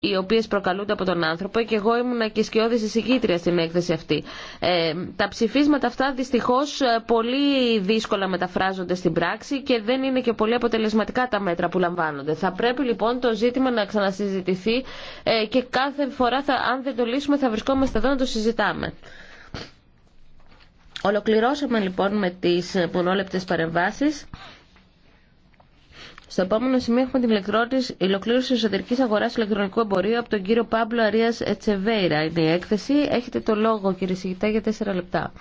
οι οποίες προκαλούνται από τον άνθρωπο και εγώ ήμουν και σκιώδης εισηγήτρια στην έκθεση αυτή. Ε, τα ψηφίσματα αυτά δυστυχώς ε, πολύ δύσκολα μεταφράζονται στην πράξη και δεν είναι και πολύ αποτελεσματικά τα μέτρα που λαμβάνονται. Θα πρέπει λοιπόν το ζήτημα να ξανασυζητηθεί ε, και κάθε φορά θα, αν δεν το λύσουμε θα βρισκόμαστε εδώ να το συζητάμε. Ολοκληρώσαμε λοιπόν με τις μονόλεπτες παρεμβάσεις. Στο επόμενο σημείο έχουμε την ολοκλήρωση εσωτερική αγορά ηλεκτρονικού εμπορίου από τον κύριο Πάμπλο Αρία Ετσεβέιρα. Είναι η έκθεση. Έχετε το λόγο, κύριε Σιγητά, για τέσσερα λεπτά.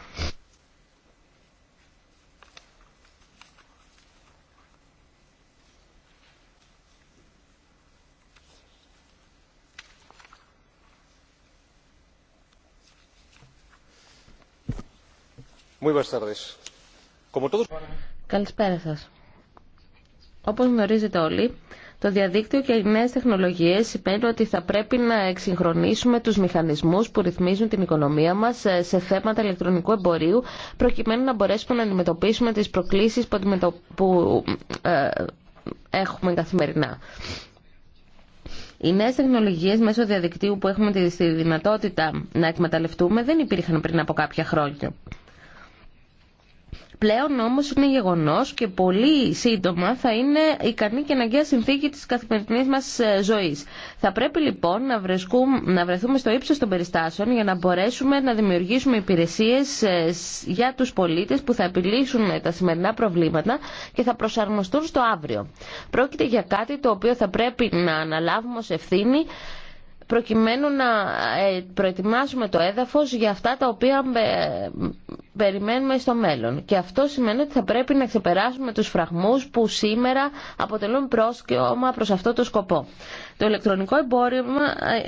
Καλησπέρα σας. Όπως γνωρίζετε όλοι, το διαδίκτυο και οι νέες τεχνολογίες σημαίνουν ότι θα πρέπει να εξυγχρονίσουμε τους μηχανισμούς που ρυθμίζουν την οικονομία μας σε θέματα ηλεκτρονικού εμπορίου προκειμένου να μπορέσουμε να αντιμετωπίσουμε τις προκλήσεις που ε, έχουμε καθημερινά. Οι νέε τεχνολογίε μέσω διαδικτύου που έχουμε τη δυνατότητα να εκμεταλλευτούμε δεν υπήρχαν πριν από κάποια χρόνια. Πλέον όμως είναι γεγονός και πολύ σύντομα θα είναι ικανή και αναγκαία συνθήκη τη καθημερινή μας ε, ζωή. Θα πρέπει λοιπόν να, βρεσκούμε, να βρεθούμε στο ύψο των περιστάσεων για να μπορέσουμε να δημιουργήσουμε υπηρεσίες ε, για τους πολίτες που θα επιλύσουν ε, τα σημερινά προβλήματα και θα προσαρμοστούν στο αύριο. Πρόκειται για κάτι το οποίο θα πρέπει να αναλάβουμε ω ευθύνη προκειμένου να ε, προετοιμάσουμε το έδαφος για αυτά τα οποία ε, περιμένουμε στο μέλλον. Και αυτό σημαίνει ότι θα πρέπει να ξεπεράσουμε τους φραγμούς που σήμερα αποτελούν πρόσκαιωμα προς αυτό το σκοπό. Το ηλεκτρονικό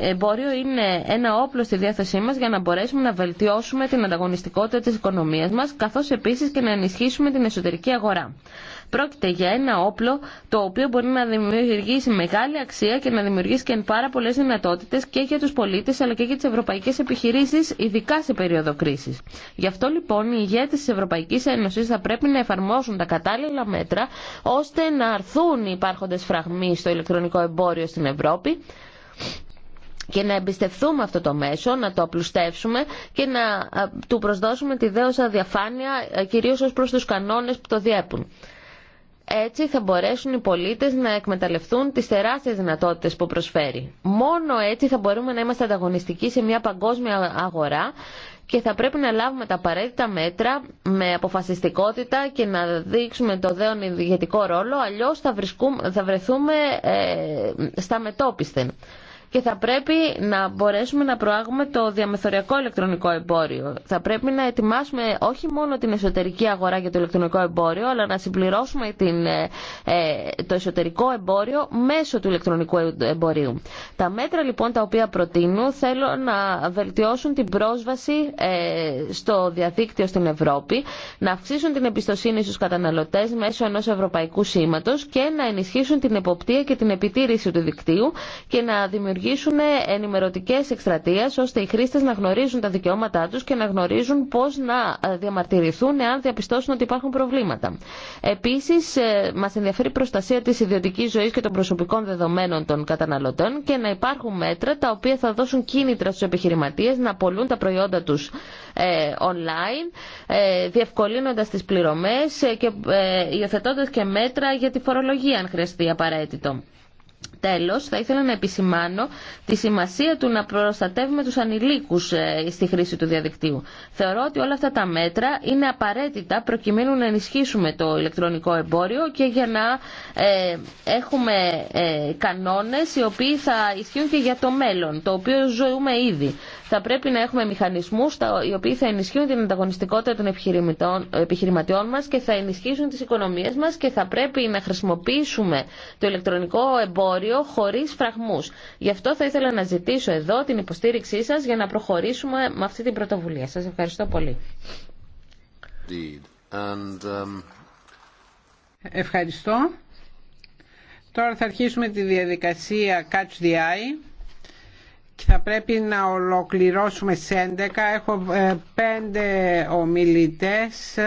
εμπόριο είναι ένα όπλο στη διάθεσή μας για να μπορέσουμε να βελτιώσουμε την ανταγωνιστικότητα της οικονομίας μας, καθώς επίσης και να ενισχύσουμε την εσωτερική αγορά. Πρόκειται για ένα όπλο το οποίο μπορεί να δημιουργήσει μεγάλη αξία και να δημιουργήσει και πάρα πολλέ δυνατότητε και για του πολίτε αλλά και για τι ευρωπαϊκέ επιχειρήσει, ειδικά σε περίοδο κρίση. Γι' αυτό λοιπόν οι ηγέτε τη Ευρωπαϊκή Ένωση θα πρέπει να εφαρμόσουν τα κατάλληλα μέτρα ώστε να αρθούν οι υπάρχοντε φραγμοί στο ηλεκτρονικό εμπόριο στην Ευρώπη και να εμπιστευτούμε αυτό το μέσο, να το απλουστεύσουμε και να του προσδώσουμε τη δέωσα διαφάνεια ε, κυρίως ως προς τους κανόνες που το διέπουν. Έτσι θα μπορέσουν οι πολίτες να εκμεταλλευτούν τις τεράστιες δυνατότητε που προσφέρει. Μόνο έτσι θα μπορούμε να είμαστε ανταγωνιστικοί σε μια παγκόσμια αγορά και θα πρέπει να λάβουμε τα απαραίτητα μέτρα με αποφασιστικότητα και να δείξουμε το δέον ηγετικό ρόλο, αλλιώς θα, θα βρεθούμε ε, στα μετόπιστε και θα πρέπει να μπορέσουμε να προάγουμε το διαμεθοριακό ηλεκτρονικό εμπόριο. Θα πρέπει να ετοιμάσουμε όχι μόνο την εσωτερική αγορά για το ηλεκτρονικό εμπόριο, αλλά να συμπληρώσουμε την, ε, ε, το εσωτερικό εμπόριο μέσω του ηλεκτρονικού εμπορίου. Τα μέτρα λοιπόν τα οποία προτείνω θέλω να βελτιώσουν την πρόσβαση ε, στο διαδίκτυο στην Ευρώπη, να αυξήσουν την εμπιστοσύνη στους καταναλωτές μέσω ενός ευρωπαϊκού σήματος και να ενισχύσουν την εποπτεία και την επιτήρηση του δικτύου και να δημιουργήσουν δημιουργήσουν ενημερωτικές εκστρατείε, ώστε οι χρήστες να γνωρίζουν τα δικαιώματά τους και να γνωρίζουν πώς να ε, διαμαρτυρηθούν εάν διαπιστώσουν ότι υπάρχουν προβλήματα. Επίσης, ε, μας ενδιαφέρει η προστασία της ιδιωτικής ζωή και των προσωπικών δεδομένων των καταναλωτών και να υπάρχουν μέτρα τα οποία θα δώσουν κίνητρα στου επιχειρηματίες να πολλούν τα προϊόντα τους ε, online, διευκολύνοντας τις πληρωμές και υιοθετώντα και μέτρα για τη φορολογία αν χρειαστεί απαραίτητο. Τέλος, θα ήθελα να επισημάνω τη σημασία του να προστατεύουμε τους ανηλίκους ε, στη χρήση του διαδικτύου. Θεωρώ ότι όλα αυτά τα μέτρα είναι απαραίτητα προκειμένου να ενισχύσουμε το ηλεκτρονικό εμπόριο και για να ε, έχουμε ε, κανόνες οι οποίοι θα ισχύουν και για το μέλλον, το οποίο ζούμε ήδη. Θα πρέπει να έχουμε μηχανισμούς οι οποίοι θα ενισχύουν την ανταγωνιστικότητα των επιχειρηματιών μας και θα ενισχύσουν τις οικονομίες μας και θα πρέπει να χρησιμοποιήσουμε το ηλεκτρονικό εμπόριο χωρίς φραγμούς. Γι' αυτό θα ήθελα να ζητήσω εδώ την υποστήριξή σας για να προχωρήσουμε με αυτή την πρωτοβουλία. Σας ευχαριστώ πολύ. Um, ευχαριστώ. Τώρα θα αρχίσουμε τη διαδικασία Catch the Eye θα πρέπει να ολοκληρώσουμε σε 11. Έχω ε, πέντε ομιλητές,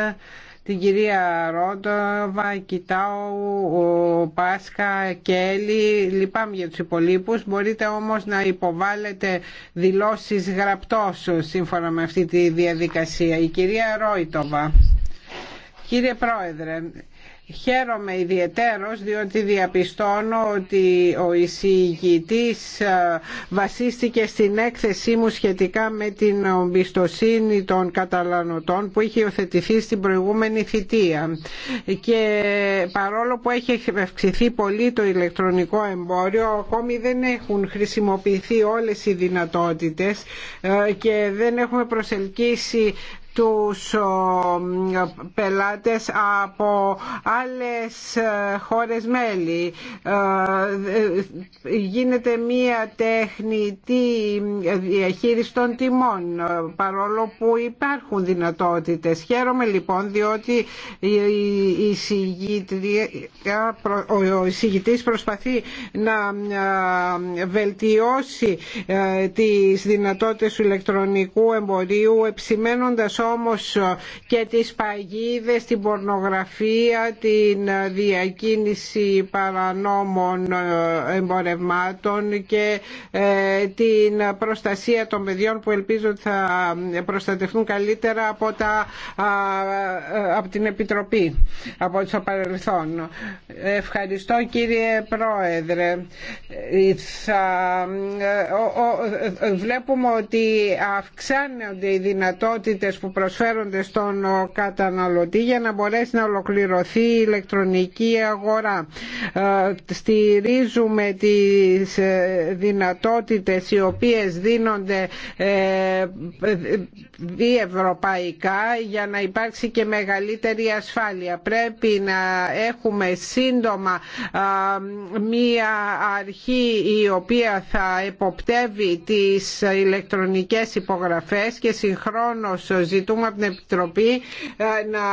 την κυρία Ρόντοβα, Κιτάου, ο Πάσκα, Έλλη. Λυπάμαι για τους υπολείπους. Μπορείτε όμως να υποβάλλετε δηλώσεις γραπτός σύμφωνα με αυτή τη διαδικασία. Η κυρία Ρόιτοβα. Κύριε Πρόεδρε, Χαίρομαι ιδιαιτέρως διότι διαπιστώνω ότι ο εισηγητής ε, βασίστηκε στην έκθεσή μου σχετικά με την εμπιστοσύνη των καταλανοτών που είχε υιοθετηθεί στην προηγούμενη θητεία. Και παρόλο που έχει αυξηθεί πολύ το ηλεκτρονικό εμπόριο, ακόμη δεν έχουν χρησιμοποιηθεί όλες οι δυνατότητες ε, και δεν έχουμε προσελκύσει τους πελάτες από άλλες ε, χώρες μέλη. Ε, ε, γίνεται μία τεχνητή διαχείριση των τιμών παρόλο που υπάρχουν δυνατότητες. Χαίρομαι λοιπόν διότι ο εισηγητής προσπαθεί να βελτιώσει τις δυνατότητες του ηλεκτρονικού εμπορίου επισημένοντας όμως ε, και τις παγίδες, την πορνογραφία, την ε, διακίνηση παρανόμων ε, εμπορευμάτων και την προστασία των παιδιών που ελπίζω ότι θα προστατευτούν καλύτερα από, τα, από την Επιτροπή, από τους παρελθόν. Ευχαριστώ κύριε Πρόεδρε. βλέπουμε ότι αυξάνονται οι δυνατότητες που προσφέρονται στον καταναλωτή για να μπορέσει να ολοκληρωθεί η ηλεκτρονική αγορά. Ε, στηρίζουμε τις ε, δυνατότητες οι οποίες δίνονται ε, διευρωπαϊκά για να υπάρξει και μεγαλύτερη ασφάλεια. Πρέπει να έχουμε σύντομα μία αρχή η οποία θα εποπτεύει τις ηλεκτρονικές υπογραφές και συγχρόνως ζητήσουμε ζητούμε από την Επιτροπή ε, να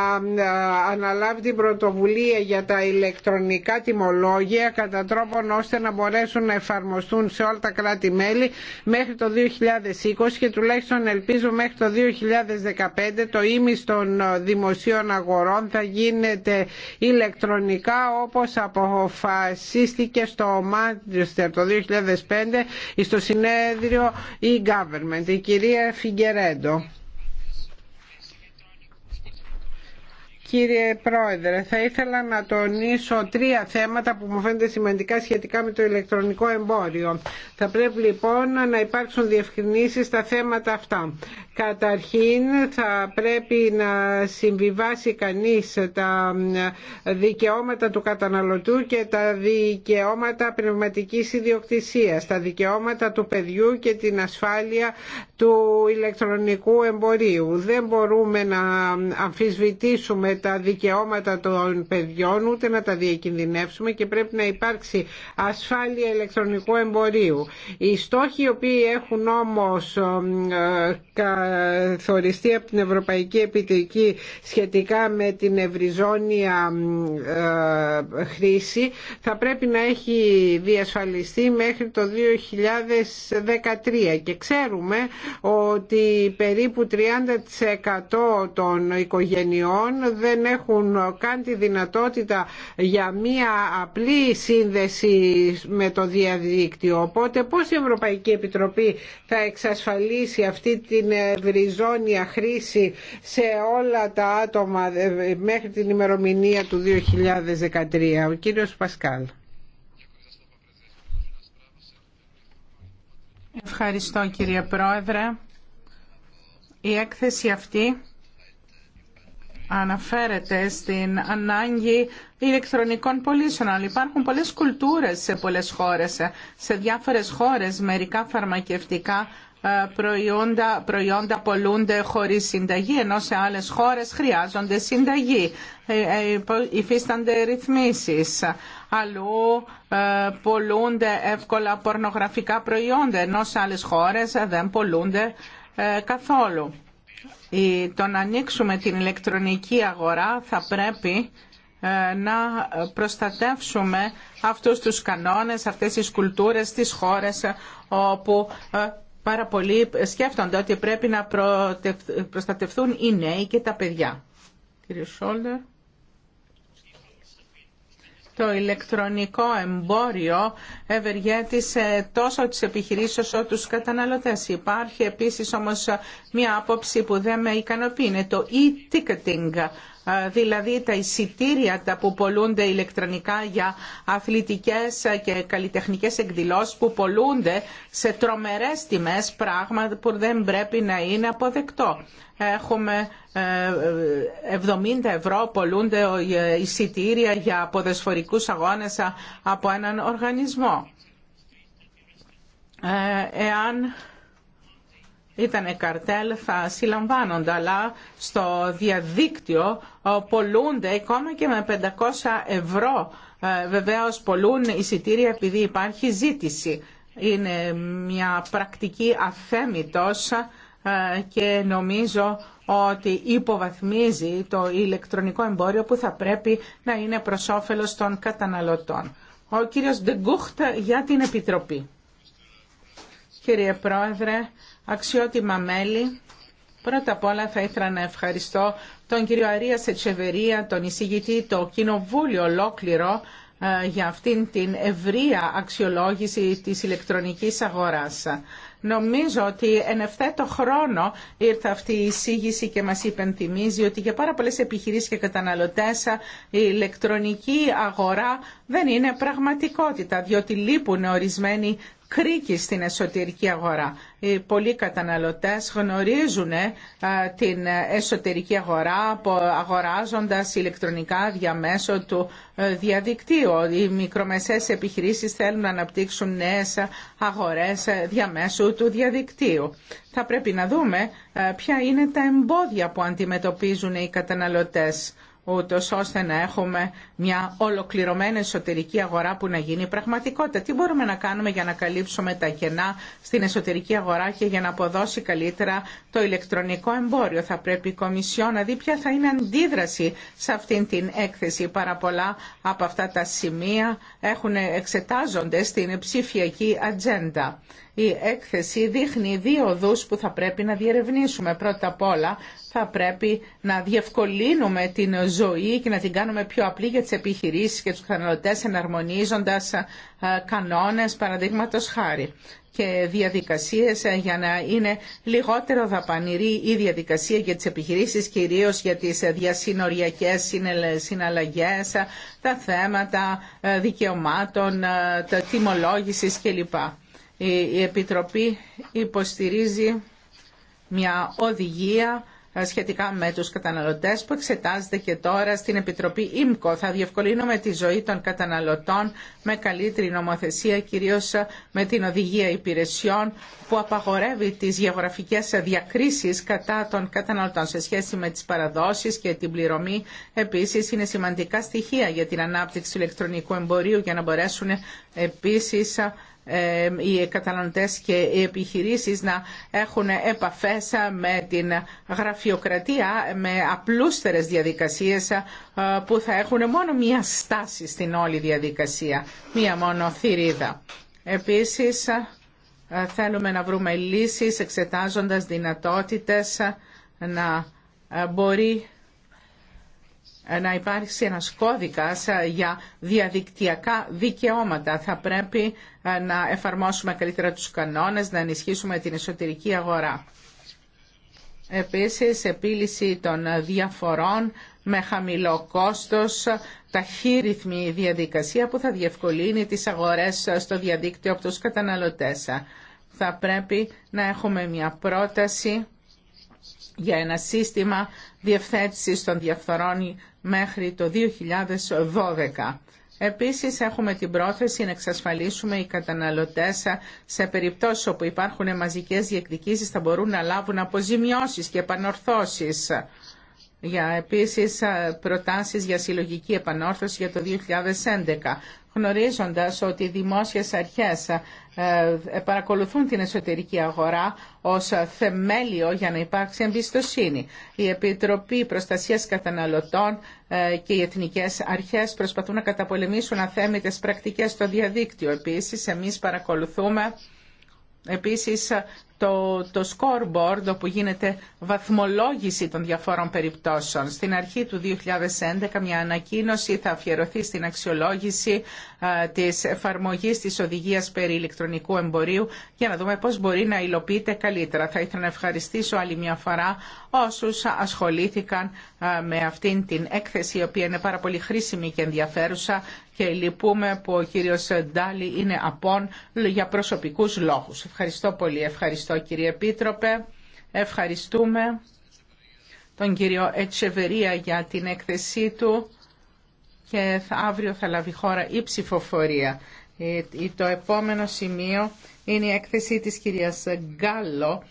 ε, αναλάβει την πρωτοβουλία για τα ηλεκτρονικά τιμολόγια κατά τρόπον ώστε να μπορέσουν να εφαρμοστούν σε όλα τα κράτη-μέλη μέχρι το 2020 και τουλάχιστον ελπίζω μέχρι το 2015 το ίμις των ε, δημοσίων αγορών θα γίνεται ηλεκτρονικά όπως αποφασίστηκε στο Μάντριστερ το 2005 στο συνέδριο e-government. Η κυρία Φιγκερέντο. Κύριε Πρόεδρε, θα ήθελα να τονίσω τρία θέματα που μου φαίνονται σημαντικά σχετικά με το ηλεκτρονικό εμπόριο. Θα πρέπει λοιπόν να υπάρξουν διευκρινήσεις στα θέματα αυτά. Καταρχήν θα πρέπει να συμβιβάσει κανείς τα δικαιώματα του καταναλωτού και τα δικαιώματα πνευματικής ιδιοκτησίας, τα δικαιώματα του παιδιού και την ασφάλεια του ηλεκτρονικού εμπορίου. Δεν μπορούμε να αμφισβητήσουμε τα δικαιώματα των παιδιών ούτε να τα διακινδυνεύσουμε και πρέπει να υπάρξει ασφάλεια ηλεκτρονικού εμπορίου. Οι στόχοι οι οποίοι έχουν όμως ε, καθοριστεί από την Ευρωπαϊκή Επιτρική σχετικά με την ευρυζώνια ε, χρήση θα πρέπει να έχει διασφαλιστεί μέχρι το 2013 και ξέρουμε ότι περίπου 30% των οικογενειών δεν δεν έχουν καν τη δυνατότητα για μία απλή σύνδεση με το διαδίκτυο. Οπότε πώς η Ευρωπαϊκή Επιτροπή θα εξασφαλίσει αυτή την ευρυζώνια χρήση σε όλα τα άτομα ε, μέχρι την ημερομηνία του 2013. Ο κύριος Πασκάλ. Ευχαριστώ κύριε Πρόεδρε. Η έκθεση αυτή αναφέρεται στην ανάγκη ηλεκτρονικών πωλήσεων, αλλά υπάρχουν πολλές κουλτούρες σε πολλές χώρες. Σε διάφορες χώρες μερικά φαρμακευτικά ε, προϊόντα, προϊόντα πολλούνται χωρίς συνταγή, ενώ σε άλλες χώρες χρειάζονται συνταγή. Ε, ε, υφίστανται ρυθμίσεις. Αλλού πολλούνται εύκολα πορνογραφικά προϊόντα, ενώ σε άλλες χώρες δεν πολλούνται καθόλου το να ανοίξουμε την ηλεκτρονική αγορά θα πρέπει ε, να προστατεύσουμε αυτούς τους κανόνες, αυτές τις κουλτούρες τις χώρες ε, όπου ε, πάρα πολλοί σκέφτονται ότι πρέπει να προστατευθούν οι νέοι και τα παιδιά το ηλεκτρονικό εμπόριο ευεργέτησε τόσο τις επιχειρήσεις όσο τους καταναλωτές. Υπάρχει επίσης όμως μια άποψη που δεν με ικανοποιεί, είναι το e-ticketing δηλαδή τα εισιτήρια τα που πολλούνται ηλεκτρονικά για αθλητικές και καλλιτεχνικές εκδηλώσεις που πολλούνται σε τρομερές τιμές, πράγμα που δεν πρέπει να είναι αποδεκτό. Έχουμε 70 ε, ευρώ πολλούνται ε, εισιτήρια για ποδεσφορικούς αγώνες από έναν οργανισμό. Ε, εάν Ήτανε καρτέλ θα συλλαμβάνονται, αλλά στο διαδίκτυο ε, πολλούνται ακόμα και με 500 ευρώ. Ε, βεβαίως πολλούν εισιτήρια επειδή υπάρχει ζήτηση. Είναι μια πρακτική αθέμητος ε, και νομίζω ότι υποβαθμίζει το ηλεκτρονικό εμπόριο που θα πρέπει να είναι προς όφελος των καταναλωτών. Ο κύριος Ντεγκούχτα για την Επιτροπή. Κύριε Πρόεδρε, Αξιότιμα μέλη, πρώτα απ' όλα θα ήθελα να ευχαριστώ τον κύριο Αρία Σετσεβερία, τον εισηγητή, το κοινοβούλιο ολόκληρο ε, για αυτήν την ευρία αξιολόγηση της ηλεκτρονικής αγοράς. Νομίζω ότι εν ευθέτω χρόνο ήρθε αυτή η εισήγηση και μας υπενθυμίζει ότι για πάρα πολλές επιχειρήσεις και καταναλωτές η ηλεκτρονική αγορά δεν είναι πραγματικότητα, διότι λείπουν ορισμένοι κρίκη στην εσωτερική αγορά. Οι πολλοί καταναλωτές γνωρίζουν ε, την εσωτερική αγορά αγοράζοντας ηλεκτρονικά διαμέσω του ε, διαδικτύου. Οι μικρομεσαίες επιχειρήσεις θέλουν να αναπτύξουν νέες αγορές ε, διαμέσου του διαδικτύου. Θα πρέπει να δούμε ποια είναι τα εμπόδια που αντιμετωπίζουν οι καταναλωτές ούτως ώστε να έχουμε μια ολοκληρωμένη εσωτερική αγορά που να γίνει πραγματικότητα. Τι μπορούμε να κάνουμε για να καλύψουμε τα κενά στην εσωτερική αγορά και για να αποδώσει καλύτερα το ηλεκτρονικό εμπόριο. Θα πρέπει η Κομισιό να δει ποια θα είναι αντίδραση σε αυτήν την έκθεση. Πάρα πολλά από αυτά τα σημεία έχουν, εξετάζονται στην ψηφιακή ατζέντα. Η έκθεση δείχνει δύο οδούς που θα πρέπει να διερευνήσουμε. Πρώτα απ' όλα θα πρέπει να διευκολύνουμε την ζωή ζωή και να την κάνουμε πιο απλή για τις επιχειρήσεις και τους καταναλωτές εναρμονίζοντας κανόνες παραδείγματος χάρη και διαδικασίες ε, για να είναι λιγότερο δαπανηρή η διαδικασία για τις επιχειρήσεις, κυρίως για τις διασυνοριακές συναλλαγές, ε, τα θέματα ε, δικαιωμάτων, τα τιμολόγησης κλπ. Η Επιτροπή υποστηρίζει μια οδηγία ε, σχετικά με τους καταναλωτές που εξετάζεται και τώρα στην Επιτροπή ΙΜΚΟ. Θα διευκολύνουμε τη ζωή των καταναλωτών με καλύτερη νομοθεσία, κυρίως με την οδηγία υπηρεσιών που απαγορεύει τις γεωγραφικές διακρίσεις κατά των καταναλωτών σε σχέση με τις παραδόσεις και την πληρωμή. Επίσης είναι σημαντικά στοιχεία για την ανάπτυξη ηλεκτρονικού εμπορίου για να μπορέσουν ε, επίσης ε, οι καταναλωτές και οι επιχειρήσεις να έχουν επαφές με την γραφειοκρατία, με απλούστερες διαδικασίες ε, που θα έχουν μόνο μία στάση στην όλη διαδικασία, μία μόνο θηρίδα. Επίσης, ε, θέλουμε να βρούμε λύσεις εξετάζοντας δυνατότητες να μπορεί να υπάρξει ένας κώδικας ε, για διαδικτυακά δικαιώματα. Θα πρέπει ε, να εφαρμόσουμε καλύτερα τους κανόνες, να ενισχύσουμε την εσωτερική αγορά. Επίσης, επίλυση των διαφορών με χαμηλό κόστος, ταχύρυθμη διαδικασία που θα διευκολύνει τις αγορές ε, στο διαδίκτυο από τους καταναλωτές. Θα πρέπει να έχουμε μια πρόταση για ένα σύστημα διευθέτησης των διαφθορών μέχρι το 2012. Επίσης έχουμε την πρόθεση να εξασφαλίσουμε οι καταναλωτές σε περιπτώσεις όπου υπάρχουν μαζικές διεκδικήσεις θα μπορούν να λάβουν αποζημιώσεις και επανορθώσεις για επίσης προτάσεις για συλλογική επανόρθωση για το 2011 γνωρίζοντας ότι οι δημόσιες αρχές ε, παρακολουθούν την εσωτερική αγορά ως θεμέλιο για να υπάρξει εμπιστοσύνη. Η Επιτροπή Προστασίας Καταναλωτών ε, και οι Εθνικές Αρχές προσπαθούν να καταπολεμήσουν αθέμητες πρακτικές στο διαδίκτυο. Επίσης, εμείς παρακολουθούμε Επίσης το, το scoreboard όπου γίνεται βαθμολόγηση των διαφόρων περιπτώσεων. Στην αρχή του 2011 μια ανακοίνωση θα αφιερωθεί στην αξιολόγηση α, της εφαρμογής της οδηγίας περί ηλεκτρονικού εμπορίου για να δούμε πώς μπορεί να υλοποιείται καλύτερα. Θα ήθελα να ευχαριστήσω άλλη μια φορά όσους ασχολήθηκαν με αυτήν την έκθεση η οποία είναι πάρα πολύ χρήσιμη και ενδιαφέρουσα και λυπούμε που ο κύριος Ντάλι είναι απόν για προσωπικούς λόγους. Ευχαριστώ πολύ. Ευχαριστώ. Ευχαριστώ κύριε Επίτροπε. Ευχαριστούμε τον κύριο Ετσεβερία για την έκθεσή του και αύριο θα λάβει χώρα η ψηφοφορία. Ε, το επόμενο σημείο είναι η έκθεση της κυρίας Γκάλλο.